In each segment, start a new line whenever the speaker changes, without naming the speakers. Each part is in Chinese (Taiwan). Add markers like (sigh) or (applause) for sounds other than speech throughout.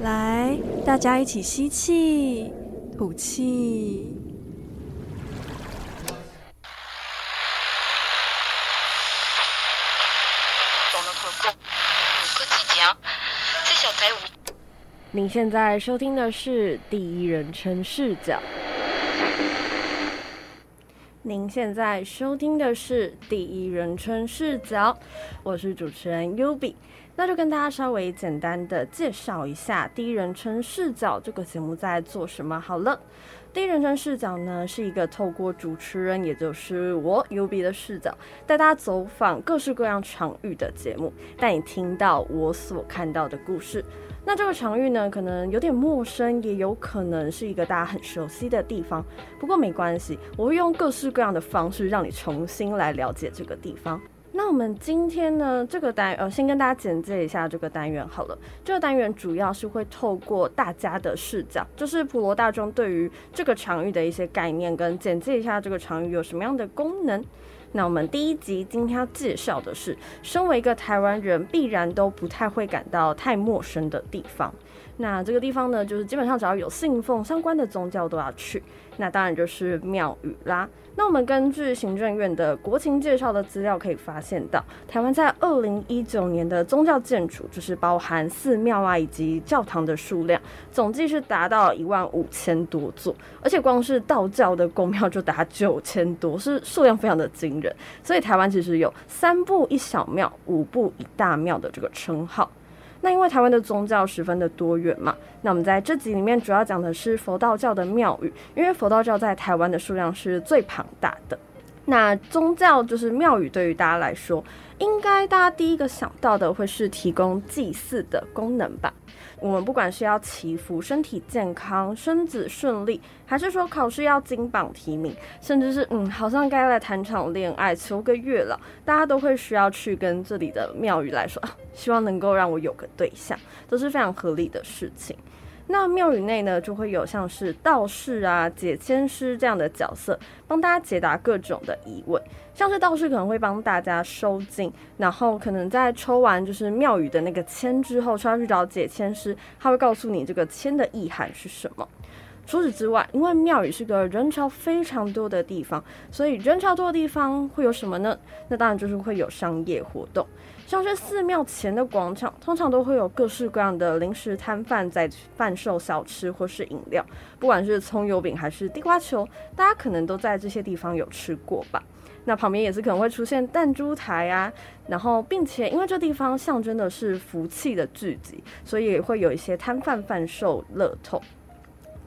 來，大家一起吸氣，吐氣。
你
您現在收聽的是第一人稱視角。您現在收聽的是第一人稱視角，我是主持人優比，那就跟大家稍微簡單的介紹一下第一人稱視角這個節目在做什麼好了。第一人稱視角呢，是一個透過主持人，也就是我 UB 的視角，帶大家走訪各式各樣場域的節目，帶你聽到我所看到的故事。那這個場域呢，可能有點陌生，也有可能是一個大家很熟悉的地方。不過沒關係，我會用各式各樣的方式，讓你重新來了解這個地方。那我們今天呢，這個單呃，先跟大家簡介一下這個單元好了。這個單元主要是會透過大家的視角，就是普羅大眾對於這個場域的一些概念，跟簡介一下這個場域有什麼樣的功能。那我們第一集今天要介紹的是，身為一個台灣人，必然都不太會感到太陌生的地方。那這個地方呢，就是基本上只要有信奉相關的宗教都要去。那當然就是廟宇啦。那我們根據行政院的國情介紹的資料可以發現到，台灣在二零一九年的宗教建築，就是包含寺廟啊以及教堂的數量，總計是達到一萬五千多座。而且光是道教的宮廟就達九千多，是數量非常的驚人。所以台灣其實有三步一小廟，五步一大廟的這個稱號。那因為台灣的宗教十分的多元嘛，那我們在這集裡面主要講的是佛道教的廟宇，因為佛道教在台灣的數量是最龐大的。那宗教就是廟宇，對於大家來說，應該大家第一個想到的會是提供祭祀的功能吧？我們不管是要祈福身體健康、生子順利，還是說考試要金榜題名，甚至是嗯，好像該來談場戀愛，求個月老，大家都會需要去跟這裡的廟宇來說啊，希望能夠讓我有個對象，都是非常合理的事情。那廟宇內呢，就會有像是道士啊、解簽師這樣的角色，幫大家解答各種的疑問。像是道士可能會幫大家收驚，然後可能在抽完就是廟宇的那個籤之後，需要去找解籤師，他會告訴你這個籤的意涵是什麼。除此之外，因為廟宇是個人潮非常多的地方，所以人潮多的地方會有什麼呢？那當然就是會有商業活動。像是寺廟前的廣場，通常都會有各式各樣的零食攤販在販售小吃或是飲料，不管是蔥油餅還是地瓜球，大家可能都在這些地方有吃過吧？那旁邊也是可能會出現彈珠台啊，然後並且因為這地方象徵的是福氣的聚集，所以也會有一些攤販販售樂透。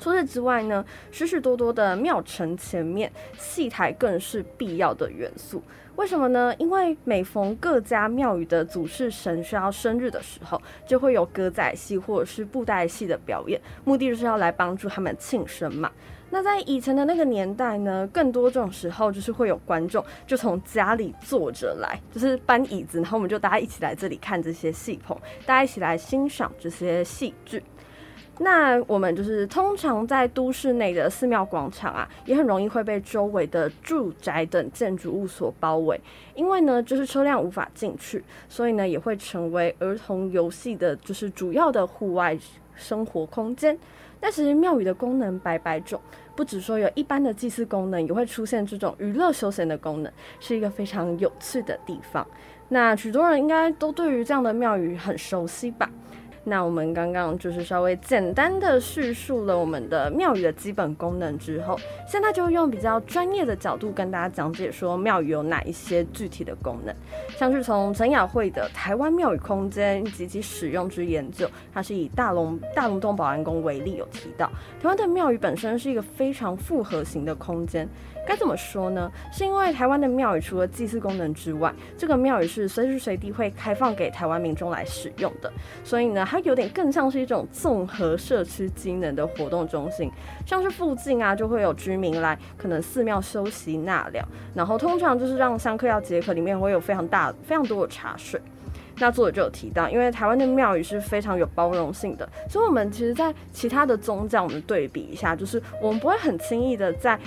除此之外呢，許許多多的廟埕前面戲台更是必要的元素。為什麼呢？因為每逢各家廟宇的祖師神需要生日的時候，就會有歌仔戲或者是布袋戲的表演，目的就是要來幫助他們慶生嘛。那在以前的那個年代呢，更多這種時候就是會有觀眾就從家裡坐着來，就是搬椅子，然後我們就大家一起來這裡看這些戲棚，大家一起來欣賞這些戲劇。那我們就是通常在都市內的寺廟廣場啊，也很容易會被周圍的住宅等建築物所包圍，因為呢就是車輛無法進去，所以呢也會成為兒童遊戲的，就是主要的戶外生活空間。但其實廟宇的功能百百種，不只說有一般的祭祀功能，也會出現這種娛樂休閒的功能，是一個非常有趣的地方。那許多人應該都對於這樣的廟宇很熟悉吧？那我們剛剛就是稍微簡單的敘述了我們的廟宇的基本功能之後，現在就用比較專業的角度跟大家講解說廟宇有哪一些具體的功能，像是從陳雅慧的《台灣廟宇空間以及其使用之研究》，它是以大龍大龍洞保安宮為例，有提到台灣的廟宇本身是一個非常複合型的空間。該怎麼說呢？是因為台灣的廟宇除了祭祀功能之外，這個廟宇是隨時隨地會開放給台灣民眾來使用的，所以呢，它有點更像是一種綜合社區機能的活動中心。像是附近啊，就會有居民來可能寺廟休息納涼，然後通常就是讓香客要解渴，裡面會有非常大、非常多的茶水。那作者就有提到，因為台灣的廟宇是非常有包容性的，所以我們其實，在其他的宗教，我們對比一下，就是我們不會很輕易的在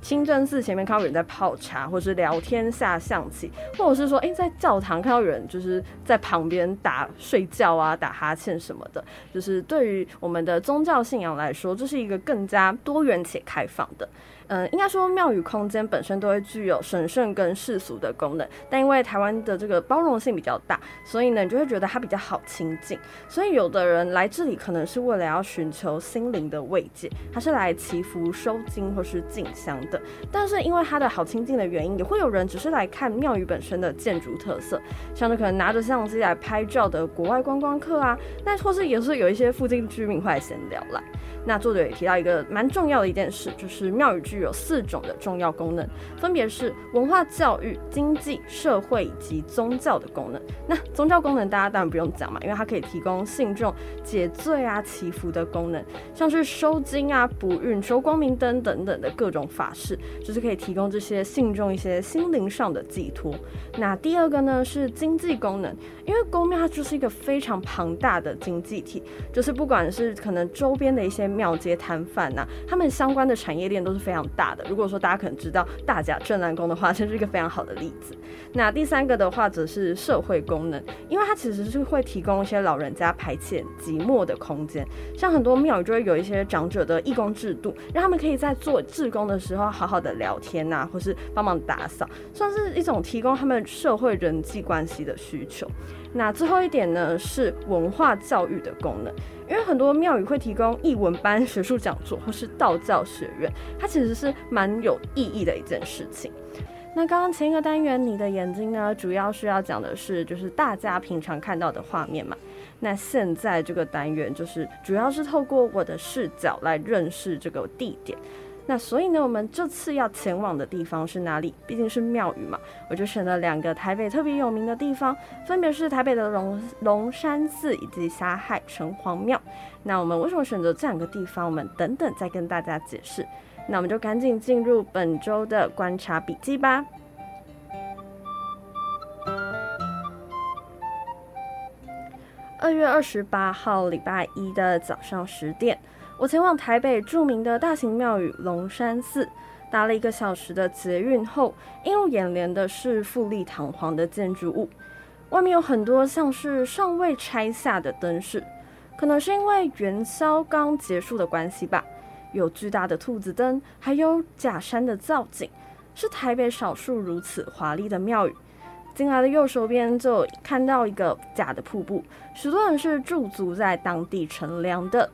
清真寺前面看到有人在泡茶，或是聊天、下象棋，或者是說，誒、欸，在教堂看到有人就是在旁邊打睡覺啊、打哈欠什麼的，就是對於我們的宗教信仰來說，這、就是一個更加多元且開放的。嗯，應該說廟宇空間本身都會具有神聖跟世俗的功能，但因為台灣的這個包容性比較大，所以呢，你就會覺得它比較好親近。所以有的人來這裡可能是為了要尋求心靈的慰藉，他是來祈福、收驚或是進香的。但是因為它的好親近的原因，也會有人只是來看廟宇本身的建築特色，像是可能拿着相機來拍照的國外觀光客啊，那或是也是有一些附近居民會來閒聊啦。那作者也提到一個蠻重要的一件事，就是廟宇。具有四種的重要功能，分別是文化教育、經濟、社會以及宗教的功能。那宗教功能大家當然不用講嘛，因為它可以提供信眾解罪啊、祈福的功能，像是收驚啊、補運、收光明燈等等的各種法事，就是可以提供這些信眾一些心靈上的寄託。那第二個呢是經濟功能，因為宮廟它就是一個非常龐大的經濟體，就是不管是可能周邊的一些廟街攤販吶，他們相關的產業鏈都是非常。大的，如果說大家可能知道大甲鎮瀾宮的話，其實是一個非常好的例子。那第三個的話，則是社會功能，因為它其實是會提供一些老人家排遣寂寞的空間，像很多廟就會有一些長者的義工制度，讓他們可以在做志工的時候好好的聊天啊，或是幫忙打掃，算是一種提供他們社會人際關係的需求。那最後一點呢，是文化教育的功能，因為很多廟宇會提供藝文班、學術講座或是道教學院，它其實是蠻有意義的一件事情。那剛剛前一個單元，你的眼睛呢，主要是要講的是，就是大家平常看到的畫面嘛。那現在這個單元就是主要是透過我的視角來認識這個地點。那所以呢，我們這次要前往的地方是哪裡？畢竟是廟宇嘛，我就選了兩個台北特別有名的地方，分別是台北的龍龍山寺以及霞海城隍廟。那我們為什麼選擇這兩個地方，我們等等再跟大家解釋。那我們就趕緊進入本周的觀察筆記吧。二月二十八號，禮拜一的早上十點。我前往台北著名的大型廟宇龍山寺，搭了一個小時的捷運後，映入眼簾的是富麗堂皇的建築物。外面有很多像是尚未拆下的燈飾，可能是因為元宵剛結束的關係吧。有巨大的兔子燈，還有假山的造景，是台北少數如此華麗的廟宇。進來的右手邊就看到一個假的瀑布，許多人是駐足在當地乘涼的。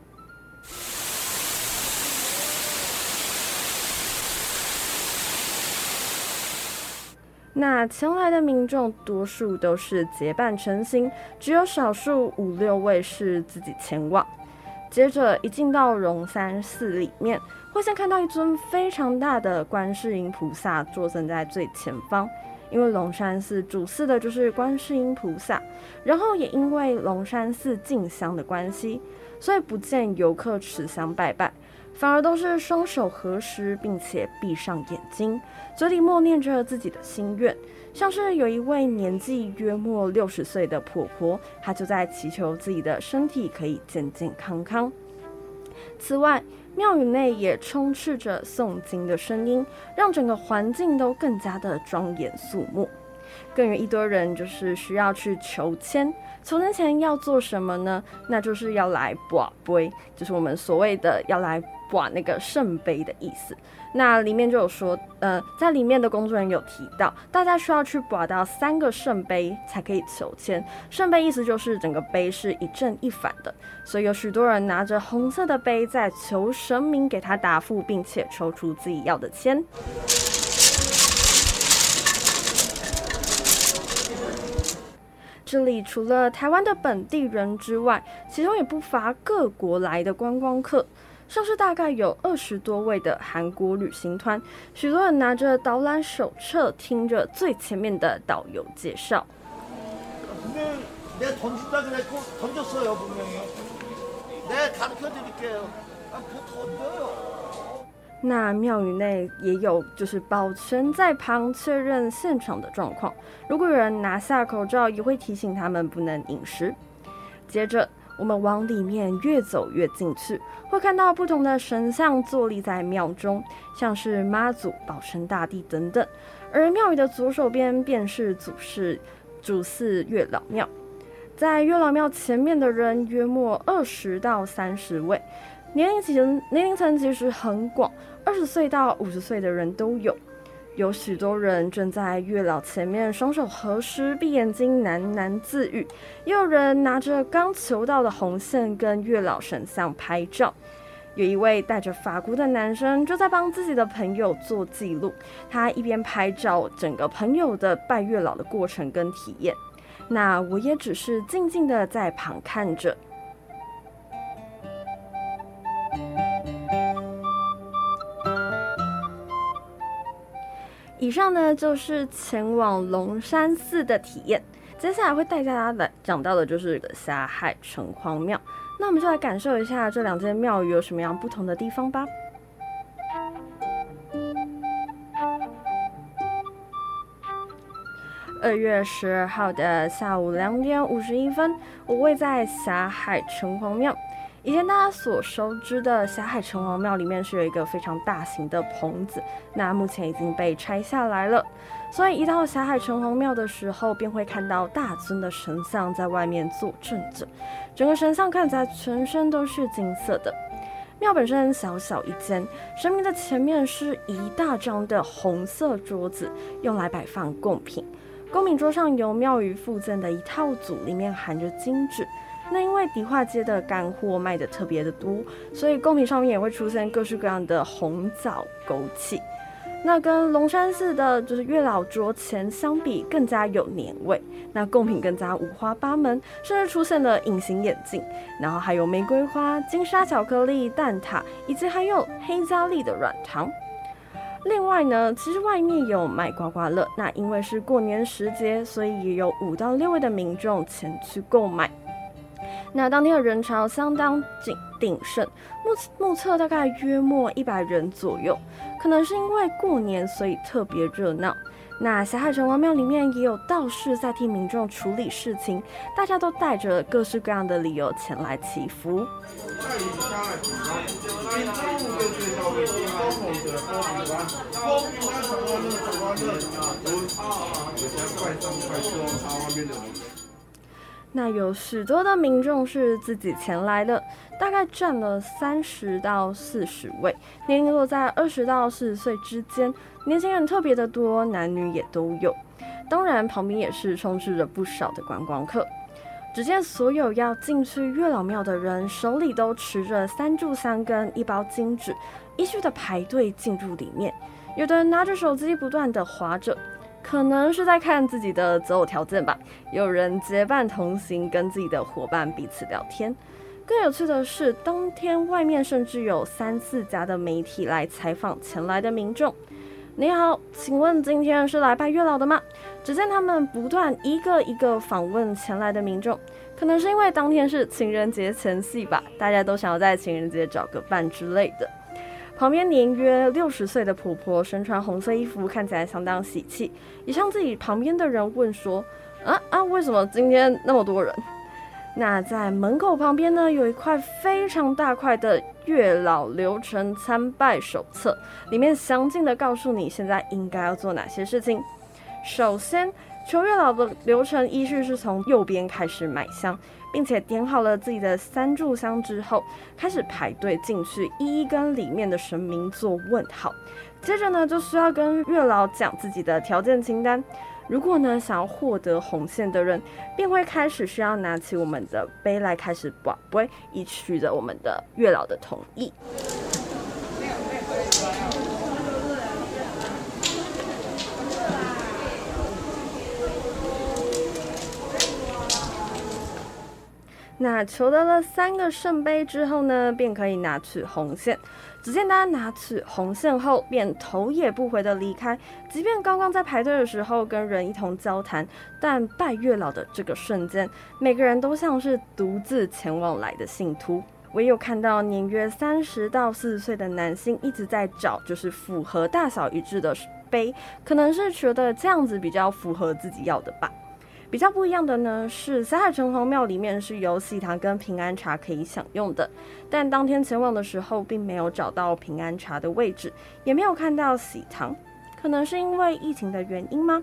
那前來的民眾多數都是結伴成行，只有少數五六位是自己前往。接着一進到龍山寺裡面，會先看到一尊非常大的觀世音菩薩坐鎮在最前方，因為龍山寺主祀的就是觀世音菩薩，然後也因為龍山寺進香的關係。所以不見遊客持香拜拜，反而都是雙手合十，並且閉上眼睛，嘴裡默念着自己的心願。像是有一位年紀約莫六十歲的婆婆，她就在祈求自己的身體可以健健康康。此外，廟宇內也充斥着誦經的聲音，讓整個環境都更加的莊嚴肅穆。更有一堆人就是需要去求籤，求籤前要做什麼呢？那就是要來跋杯，就是我們所謂的要來跋那個聖杯的意思。那裡面就有說，呃，在裡面的工作人員有提到，大家需要去跋到三個聖杯才可以求籤。聖杯意思就是整個杯是一正一反的，所以有許多人拿着紅色的杯在求神明給他答覆，並且抽出自己要的籤。這裡除了台灣的本地人之外，其中也不乏各國來的觀光客。上次大概有二十多位的韓國旅行團，許多人拿着導覽手冊，聽着最前面的導遊介紹。
嗯
那廟宇內也有，就是保全在旁確認現場的狀況。如果有人拿下口罩，也會提醒他們不能飲食。接着，我們往裡面越走越進去，會看到不同的神像坐立在廟中，像是媽祖、保生大帝等等。而廟宇的左手邊便是主祀主祀月老廟，在月老廟前面的人約莫二十到三十位。年齡層年齡層其實很廣，二十歲到五十歲的人都有。有許多人正在月老前面雙手合十、閉眼睛喃喃自語，也有人拿着剛求到的紅線跟月老神像拍照。有一位戴着髮箍的男生就在幫自己的朋友做記錄，他一邊拍照，整個朋友的拜月老的過程跟體驗。那我也只是靜靜的在旁看着。以上呢，就是前往龍山寺的體驗，接下來會帶大家來講到的就是霞海城隍廟。那我們就來感受一下這兩間廟宇有什麼樣不同的地方吧。二月十二號的下午兩點五十一分，我位在霞海城隍廟。以前大家所熟知的霞海城隍廟裡面是有一個非常大型的棚子，那目前已經被拆下來了，所以一到霞海城隍廟的時候，便會看到大尊的神像在外面坐鎮着，整個神像看起來全身都是金色的。廟本身小小一間，神明的前面是一大張的紅色桌子，用來擺放貢品。貢品桌上由廟宇附贈的一套組，裡面含着金紙。那因為迪化街的乾貨賣得特別的多，所以貢品上面也會出現各式各樣的紅棗、枸杞。那跟龍山寺的就是月老桌前相比，更加有年味。那貢品更加五花八門，甚至出現了隱形眼鏡，然後還有玫瑰花、金沙巧克力、蛋撻，以及還有黑嘉麗的軟糖。另外呢，其實外面有賣刮刮樂。那因為是過年時節，所以也有五到六位的民眾前去購買。那當天的人潮相當緊，鼎盛，目目測大概約莫一百人左右，可能是因為過年，所以特別熱鬧。那霞海城隍廟裡面也有道士在替民眾處理事情，大家都帶着各式各樣的理由前來祈福。啊那有許多的民眾是自己前來的，大概占了三十到四十位，年齡落在二十到四十歲之間，年輕人特別的多，男女也都有。當然，旁邊也是充斥着不少的觀光客。只見所有要進去月老廟的人，手裡都持着三炷香跟一包金紙，依序的排隊進入裡面，有的人拿着手機不斷的滑著。可能是在看自己的擇偶條件吧。有人結伴同行，跟自己的伙伴彼此聊天。更有趣的是，當天外面甚至有三四家的媒體來採訪前來的民眾。你好，請問今天是來拜月老的嗎？只見他們不斷一個一個訪問前來的民眾。可能是因為當天是情人節前夕吧，大家都想要在情人節找個伴之類的。旁邊年約六十歲的婆婆身穿紅色衣服，看起來相當喜氣。也向自己旁邊的人問說：“啊啊，為什麼今天那麼多人？”那在門口旁邊呢，有一塊非常大塊的月老流程參拜手冊，裡面詳盡的告訴你現在應該要做哪些事情。首先，求月老的流程依據是從右邊開始買香。並且點好了自己的三炷香之後，開始排隊進去，一一跟裡面的神明做問好。接着呢，就需要跟月老講自己的條件清單。如果呢想要獲得紅線的人，便會開始需要拿起我們的杯來開始博杯，以取得我們的月老的同意。那求得了三個聖杯之後呢，便可以拿取紅線。只見他拿取紅線後，便頭也不回的離開。即便剛剛在排隊的時候跟人一同交談，但拜月老的這個瞬間，每個人都像是獨自前往來的信徒。唯有看到年約三十到四十歲的男性一直在找，就是符合大小一致的杯，可能是覺得這樣子比較符合自己要的吧。比較不一樣的呢，是霞海城隍廟裡面是有喜糖跟平安茶可以享用的，但當天前往的時候，並沒有找到平安茶的位置，也沒有看到喜糖，可能是因為疫情的原因嗎？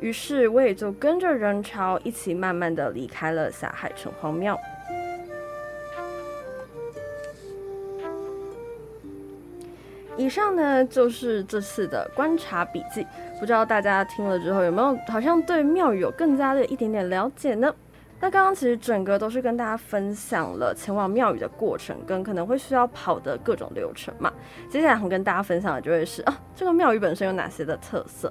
於是我也就跟着人潮一起慢慢的離開了霞海城隍廟。以上呢就是這次的觀察筆記，不知道大家聽了之後有沒有好像對廟宇有更加的一點點了解呢？那剛剛其實整個都是跟大家分享了前往廟宇的過程跟可能會需要跑的各種流程嘛，接下來我們跟大家分享的就會是啊這個廟宇本身有哪些的特色。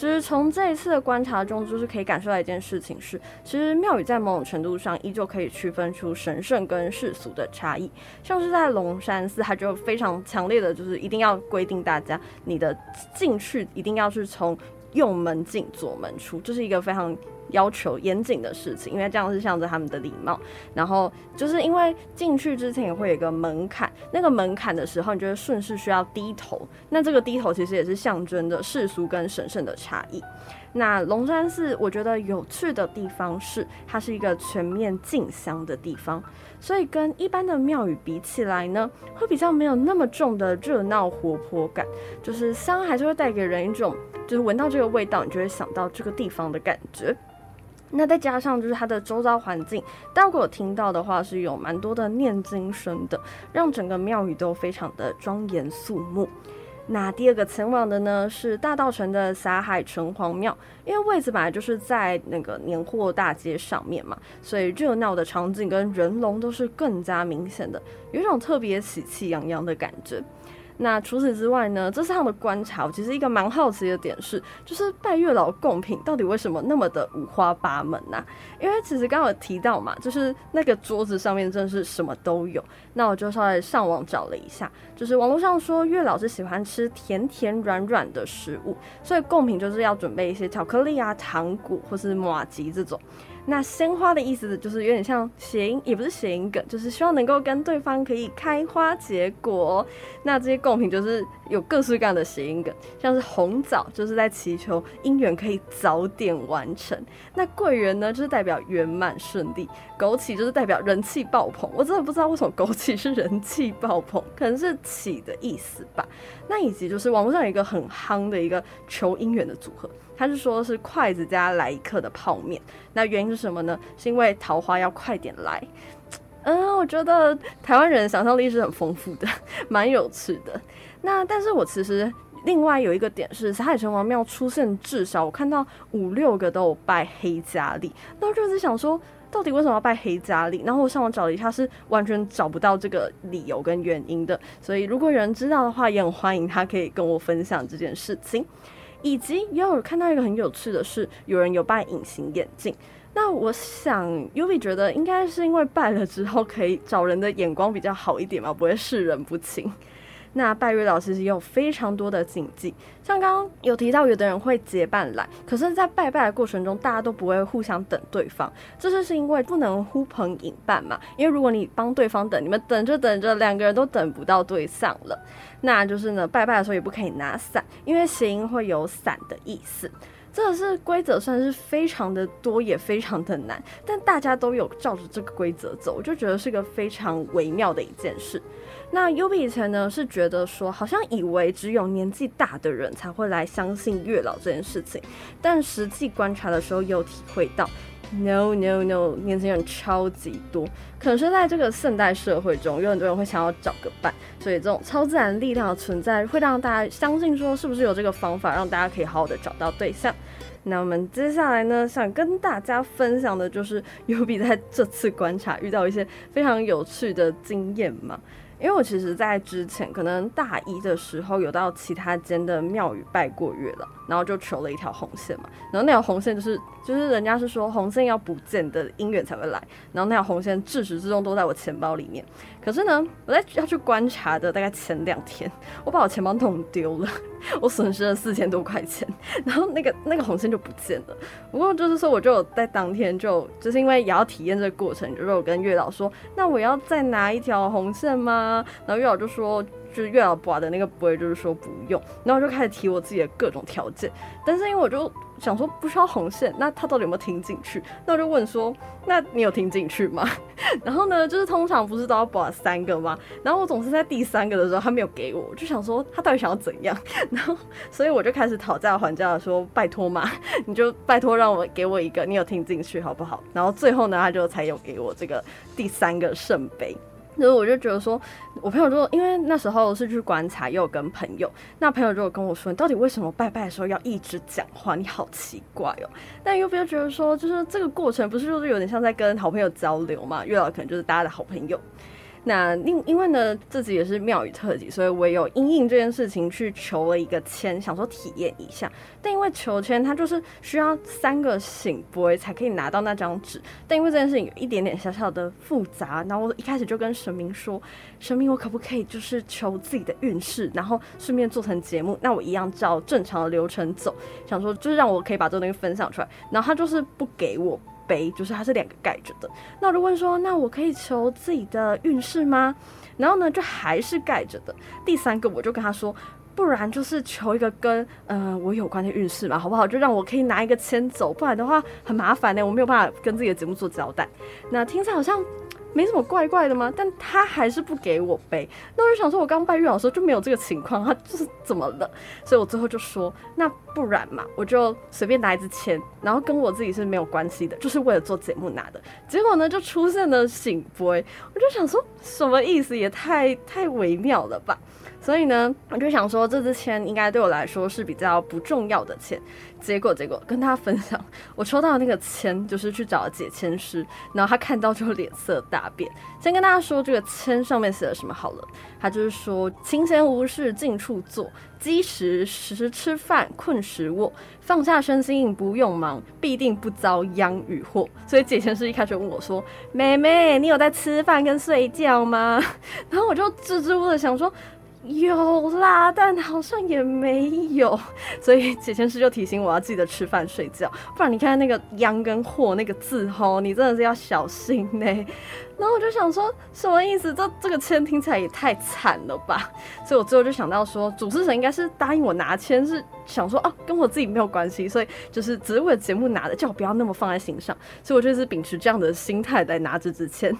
其實從這一次的觀察中，就是可以感受到一件事情是，其實廟宇在某種程度上依舊可以區分出神聖跟世俗的差異。像是在龍山寺，它就非常強烈的就是一定要規定大家，你的進去一定要是從右門進左門出，這是一個非常要求嚴謹的事情，因為這樣是向着他們的禮貌。然後就是因為進去之前也會有一個門檻，那個門檻的時候，你就會順勢需要低頭。那這個低頭其實也是象徵著世俗跟神聖的差異。那龍山寺，我覺得有趣的地方是它是一個全面進香的地方，所以跟一般的廟宇比起來呢，會比較沒有那麼重的熱鬧活潑感。就是香還是會帶給人一種，就是聞到這個味道，你就會想到這個地方的感覺。那再加上就是它的周遭環境，大家如果聽到的話，是有蠻多的念經聲的，讓整個廟宇都非常的莊嚴肅穆。那第二個前往的呢，是大稻埕的霞海城隍廟，因為位置本來就是在那個年貨大街上面嘛，所以熱鬧的場景跟人龍都是更加明顯的，有一種特別喜氣洋洋的感覺。那除此之外呢？這次他們的觀察，我其實一個蠻好奇的點是，就是拜月老貢品到底為什麼那麼的五花八門呢、啊？因為其實剛剛有提到嘛，就是那個桌子上面真的是什麼都有。那我就稍微上網找了一下，就是網絡上說月老是喜歡吃甜甜軟軟的食物，所以貢品就是要準備一些巧克力啊、糖果或是麻糬這種。那鮮花的意思就是有點像諧音，也不是諧音梗，就是希望能夠跟對方可以開花結果。那這些貢品就是有各式各樣的諧音梗，像是紅棗就是在祈求姻緣可以早點完成。那桂圓呢，就是代表圓滿順利；枸杞就是代表人氣爆棚。我真的不知道為什麼枸杞是人氣爆棚，可能是“起”的意思吧。那以及就是網絡上有一個很夯的一個求姻緣的組合。他是說，是筷子加來一克的泡麵。那原因是什麼呢？是因為桃花要快點來。嗯、呃，我覺得台灣人想象力是很豐富的，蠻有趣的。那但是我其實另外有一個點是，霞海城隍廟出現至少我看到五六個都有拜黑佳麗。那我就是想說，到底為什麼要拜黑佳麗？然後我上網找了一下，是完全找不到這個理由跟原因的。所以如果有人知道的話，也很歡迎他可以跟我分享這件事情。以及也有看到一個很有趣的是，有人有拜隱形眼鏡。那我想，U V 覺得應該是因為拜了之後可以找人的眼光比較好一點嘛，不會視人不清。那拜月老其實也有非常多的禁忌，像剛剛有提到，有的人會結伴來，可是在拜拜的過程中，大家都不會互相等對方，這就是因為不能呼朋引伴嘛？因為如果你幫對方等，你們等着等着，兩個人都等不到對象了。那就是呢，拜拜的時候也不可以拿傘，因為諧音會有散的意思。這個是規則算是非常的多，也非常的難，但大家都有照着這個規則走，我就覺得是個非常微妙的一件事。那優比以前呢是覺得說，好像以為只有年紀大的人才會來相信月老這件事情，但實際觀察的時候又體會到，no no no，年輕人超級多。可是在這個現代社會中，有很多人會想要找個伴，所以這種超自然力量的存在會讓大家相信說，是不是有這個方法讓大家可以好好的找到對象。那我們接下來呢，想跟大家分享的就是優比在這次觀察遇到一些非常有趣的經驗嘛。因為我其實在之前可能大一的時候有到其他間的廟宇拜過月老，然後就求了一條紅線嘛，然後那條紅線就是就是人家是說，紅線要不見的姻緣才會來，然後那條紅線自始至終都在我錢包裡面。可是呢，我在要去觀察的大概前兩天，我把我錢包弄丟了，我損失了四千多塊錢，然後那個那個紅線就不見了。不過就是說，我就有在當天就就是因為也要體驗這個過程，就是我跟月老說，那我要再拿一條紅線嗎？然後月老就說，就月老拔的那個杯就是說不用，然後我就開始提我自己的各種條件，但是因為我就。想說不需要紅線，那他到底有沒有聽進去？那我就問說，那你有聽進去嗎？然後呢，就是通常不是都要保三個嗎？然後我總是在第三個的時候他沒有給我，我就想說他到底想要怎樣？然後所以我就開始討價還價說，拜託嘛，你就拜託讓我給我一個，你有聽進去好不好？然後最後呢，他就才有給我這個第三個聖杯。其實我就覺得說，我朋友如果因為那時候是去觀察，又跟朋友，那朋友如果跟我說，你到底為什麼拜拜的時候要一直講話？你好奇怪哦、喔。但又不要覺得說，就是這個過程不是就是有點像在跟好朋友交流嘛？月老可能就是大家的好朋友。那另因為呢，自己也是廟宇特輯，所以我有因應這件事情去求了一個籤，想說體驗一下。但因為求籤，它就是需要三個聖杯才可以拿到那張紙。但因為這件事情有一點點小小的複雜，然後我一開始就跟神明說，神明我可不可以就是求自己的運勢，然後順便做成節目，那我一樣照正常的流程走，想說就是讓我可以把這個東西分享出來。然後他就是不給我。就是它是兩個蓋着的。那我就問說，那我可以求自己的運勢嗎？然後呢，就還是蓋着的。第三個我就跟他說，不然就是求一個跟呃我有關的運勢嘛，好不好？就讓我可以拿一個籤走，不然的話很麻煩呢、欸，我沒有辦法跟自己的節目做交代。那聽起來好像。沒什麼怪怪的嗎？但他還是不給我杯，那我就想說，我剛拜月老的時候就沒有這個情況，他就是怎麼了？所以我最後就說，那不然嘛，我就隨便拿一支籤，然後跟我自己是沒有關係的，就是為了做節目拿的。結果呢，就出現了醒杯，我就想說，什麼意思？也太太微妙了吧？所以呢，我就想說這支籤應該對我來說是比較不重要的籤。結果結果，跟大家分享我抽到的那個籤，就是去找解籤師，然後他看到就臉色大變。先跟大家說這個籤上面寫了什麼好了，他就是說：清閒無事靜處坐，饑時時時吃飯，困時臥，放下身心不用忙，必定不遭殃與禍。所以解籤師一開始問我說：“妹妹，你有在吃飯跟睡覺嗎？” (laughs) 然後我就支支吾吾的想說。有啦，但好像也沒有，所以解簽師就提醒我要記得吃飯睡覺，不然你看那個殃跟禍那個字吼，你真的是要小心呢、欸。然後我就想說，什麼意思？這這個籤聽起來也太慘了吧？所以我最後就想到說，主持人應該是答應我拿籤，是想說哦、啊，跟我自己沒有關係，所以就是只是為了節目拿的，叫我不要那麼放在心上。所以我就是秉持這樣的心態來拿這支籤。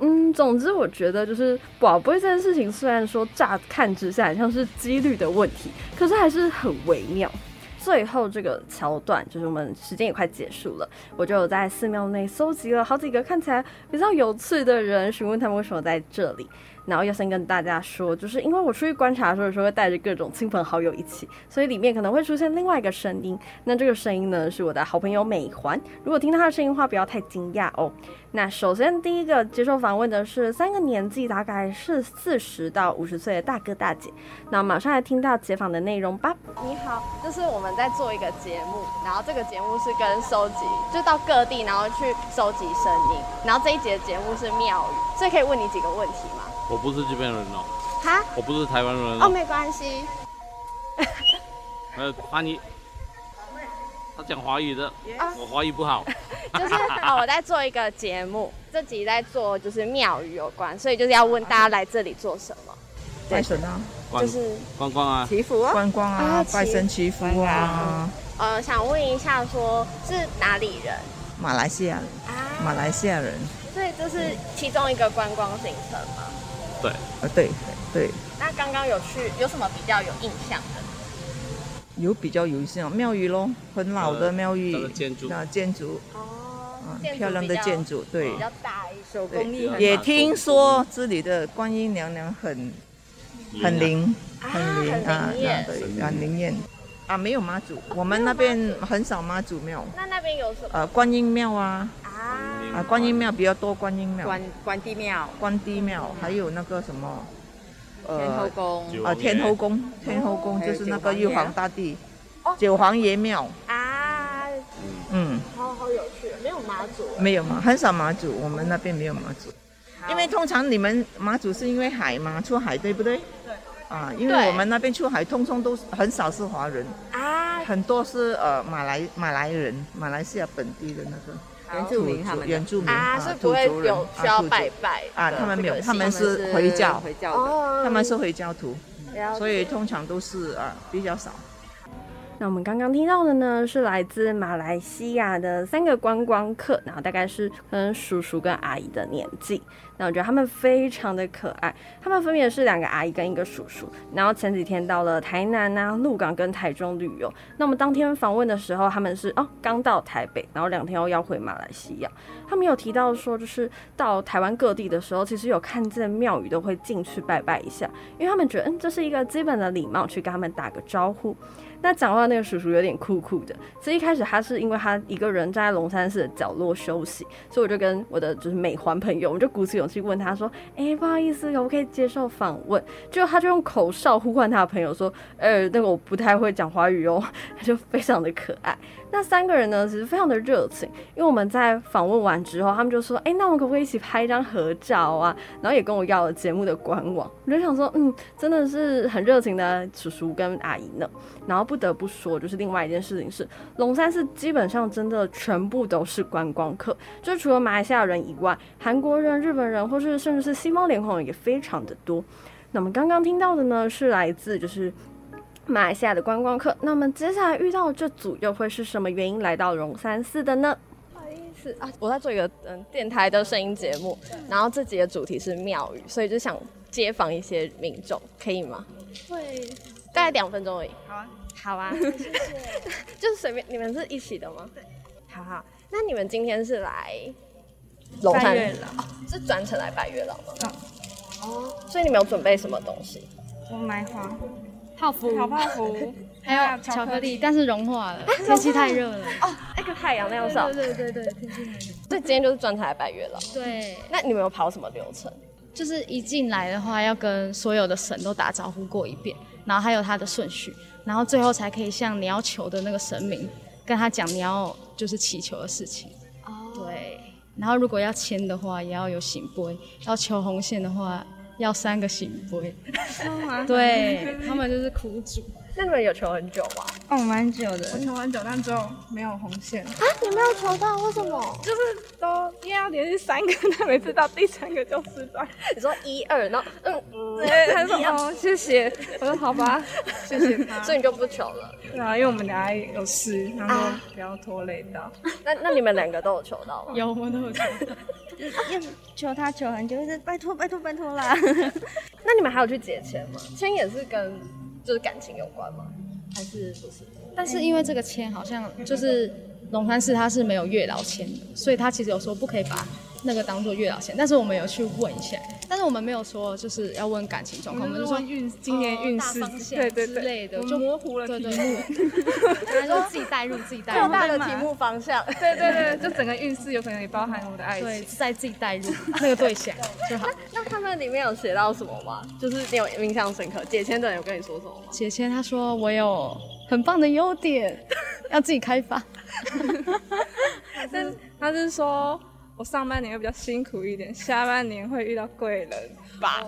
嗯，總之我覺得就是寶貝這件事情，雖然說乍看之下像是幾率的問題，可是還是很微妙。最後這個橋段就是我們時間也快結束了，我就我在寺廟內蒐集了好幾個看起來比較有趣的人，詢問他們為什麼在這裡。然後要先跟大家說，就是因為我出去觀察的時候的時候會帶着各種親朋好友一起，所以裡面可能會出現另外一個聲音。那這個聲音呢，是我的好朋友美環。如果聽到他的聲音的話，不要太驚訝哦。那首先第一個接受訪問的是三個年紀大概是四十到五十歲的大哥大姐。那馬上來聽到採訪的內容吧。你好，這是我們在做一個節目，然後這個節目是跟收集，就到各地然後去收集聲音，然後這一節節目是廟宇，所以可以問你幾個問題？我不是這邊人哦。喔，哈！
我不是臺灣人。喔、哦，沒關係。呃、 (laughs) 啊，阿妮。他講華語的，yeah. 我華語不好。就是啊，
我在做一個節目，自 (laughs) 己在做就是廟宇有關，所以就是要問大家來這裡做什麼？拜神啊，就
是觀光啊，祈福啊，觀光啊，啊，拜神祈福啊。
呃，想問一下說，說是哪裡人？
馬來西亞人啊，馬來西亞人，
所以這是其中一個觀光行程嘛？
啊對，對，對。
那剛剛有去，有什麼比較有印象
的？有比較有印象，廟宇嘍，很老的廟宇，那、呃、建築，哦、啊，啊，漂亮的建築，建築對、啊。比較大一，一手工藝也聽說這裡的觀音娘娘很，嗯、很靈，啊啊啊、很靈啊，對，很靈驗、啊啊。啊，沒有媽祖，我們那邊很少媽祖廟。祖
啊、那那邊有什麼？呃、
啊，觀音廟啊。啊。啊，觀音廟比較多，觀音廟、關、關帝廟、關帝廟、廟，還有那個什麼，呃，天後，呃、天後宮，天後宮，天後宮就是那個玉皇大帝，哦，九皇爺，哦，九皇爺廟啊，嗯，嗯，好好有趣。沒有媽祖，嗯，沒有媽，很少媽祖，我們那邊沒有媽祖，因為通常你們媽祖是因為海嘛，出海對不對？對，啊對，因為我們那邊出海，通通都是很少是華人，啊，很多是呃馬來馬來人，馬來西亞本地的那個。原住民他們原住民啊，啊是不會有啊，土著啊，他們沒有，他們是回教，回教，哦，他們是回教徒，嗯、所以通常都是，啊、比較少。那我們剛剛
聽到的呢，是來自馬來西亞的三個觀光客，然後大概是跟叔叔跟阿姨的年紀。那我覺得他們非常的可愛，他們分別是兩個阿姨跟一個叔叔。然後前幾天到了台南啊、鹿港跟台中旅遊。那我們當天訪問的時候，他們是哦剛到台北，然後兩天後要回馬來西亞。他們有提到說，就是到台灣各地的時候，其實有看見廟宇都會進去拜拜一下，因為他們覺得嗯這是一個基本的禮貌，去跟他們打個招呼。那講話那個叔叔有點酷酷的，所以一開始他是因為他一個人站在龍山寺的角落休息，所以我就跟我的就是美環朋友，我就鼓起勇。去問他說：“哎、欸，不好意思，可不可以接受訪問？”就他，就用口哨呼喚他的朋友說：“呃，那個我不太會講華語哦。”他就非常的可愛。那三個人呢，其實非常的熱情，因為我們在訪問完之後，他們就說：“哎、欸，那我們可不可以一起拍一張合照啊？”然後也跟我要了節目的官網。我就想說，嗯，真的是很熱情的叔叔跟阿姨呢。然後不得不說，就是另外一件事情是，龍山寺基本上真的全部都是觀光客，就除了馬來西亞人以外，韓國人、日本人，或是甚至是西方臉孔也非常的多。那麼剛剛聽到的呢，是來自就是。馬來西亞的觀光客，那我們接下來遇到這組又會是什麼原因來到龍山寺的呢？不好意思啊，我在做一個嗯電台的聲音節目，然後這集的主題是廟宇，所以就想街訪一些民眾，可以嗎？會，大概兩分鐘而已。好啊，好啊， (laughs) 謝謝。就隨便，你們是一起的嗎？對，好好。那你們今天是來
龍山寺，
哦，是專程來拜月老嗎？哦。所以你們有準備什麼東西？我買花。泡芙，泡泡 (laughs) 還有巧克，巧克力，但是融化了。啊、天氣太熱了。哦，那個太陽亮照。對對對對，天氣太熱。所以今天就是轉台拜月了。對。那你們有跑什麼流程？就是一進來的話，要跟所有的神都打招呼過一遍，然後還有他的順序，然後最後才可以向你要求的那個神明，跟他講你要就是祈求的事情。哦。對。然後如果要籤的話，也要有筊杯，要求紅線的話，.要三個聖杯，對， (laughs) 對 (laughs) 他
們就是苦主。那你們有求很久嗎？哦，蠻久的。我求很久，但最後沒有紅線。
啊，你有沒有求到，為什麼？就是都因為要連續三個，但每次到第三個就失敗。你說一二，然後嗯對，他說哦，謝謝。我說好吧， (laughs) 謝謝他。所以你就不求了？
對啊，因為我們等下有事，然後
不要拖累到。啊、那那你們兩個都有求到嗎？有，我們都有求到。又 (laughs) 求他求很久，是拜託拜託拜託啦。 (laughs) 那你們還有去解籤嗎？籤也是跟。就是感情有關嗎？還是不是？但是因為這個籤好像就是龍山寺，他是沒有月老籤的，所以他其實有時候不可以把。那個當做月老線，但是我們有去問一下，但是我們沒有說就是要問感情狀況，嗯，我們是說
運今年運勢之類的，對對對，就模
糊了題目，
就是自己帶入自己帶入最大的題目方向，對對對，對對對對對對對對，就整個運勢有可能也包含我們的愛情，對對對，在自己帶入那個對象，對對對就
好。那那他們裡面有寫到什麼
嗎？就是你有
印象深刻，姐姐的有跟你說什麼嗎？姐姐她說我有很棒的優點，要自己開發，
(laughs) 但是她是說。我上半年會比較辛苦一點，下半年會遇到貴人吧，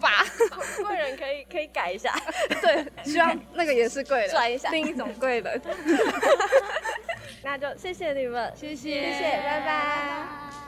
吧、哦，貴人可以可以改一下，對，希望
那個也是貴人，轉一下另一種貴人，
(laughs) 那就謝謝你們，謝謝，謝謝，拜拜。拜拜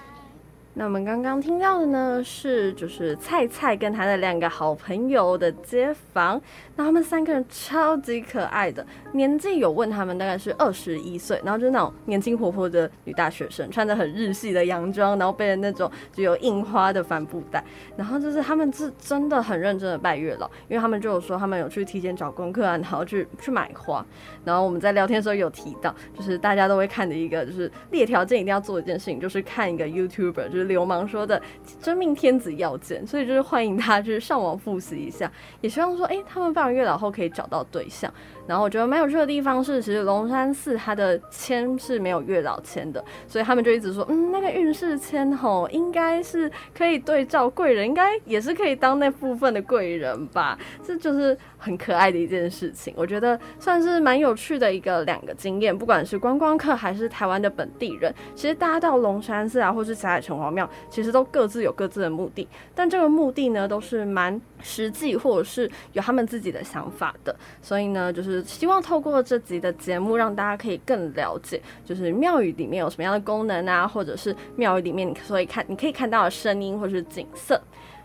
那我們剛剛聽到的呢，是就是蔡蔡跟他的兩個好朋友的街坊，那他們三個人超級可愛的，年紀有問他們大概是二十一歲，然後就那種年輕活潑的女大學生，穿着很日系的洋裝，然後背着那種只有印花的帆布袋，然後就是他們是真的很認真的拜月老，因為他們就有說他們有去提前找功課啊，然後去去買花，然後我們在聊天的時候有提到，就是大家都會看的一個就是列條件一定要做一件事情，就是看一個 YouTuber 就是。流氓說的“真命天子要見”，所以就是歡迎他，就是上網複習一下，也希望說，哎、欸，他們拜完月老後可以找到對象。然後我覺得蠻有趣的地方是，其實龍山寺它的籤是沒有月老籤的，所以他們就一直說，嗯，那個運勢籤吼，應該是可以對照貴人，應該也是可以當那部分的貴人吧。這就是很可愛的一件事情，我覺得算是蠻有趣的一個兩個經驗，不管是觀光客還是台灣的本地人，其實大家到龍山寺啊，或是霞海城隍。廟其實都各自有各自的目的，但這個目的呢，都是蠻實際或者是有他們自己的想法的。所以呢，就是希望透過這集的節目，讓大家可以更了解，就是廟宇裡面有什麼樣的功能啊，或者是廟宇裡面你所以看你可以看到的聲音或是景色。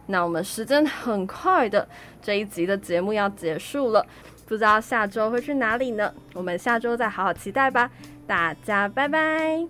那我們時間很快的，這一集的節目要結束了，不知道下周會去哪裡呢？我們下周再好好期待吧。大家拜拜。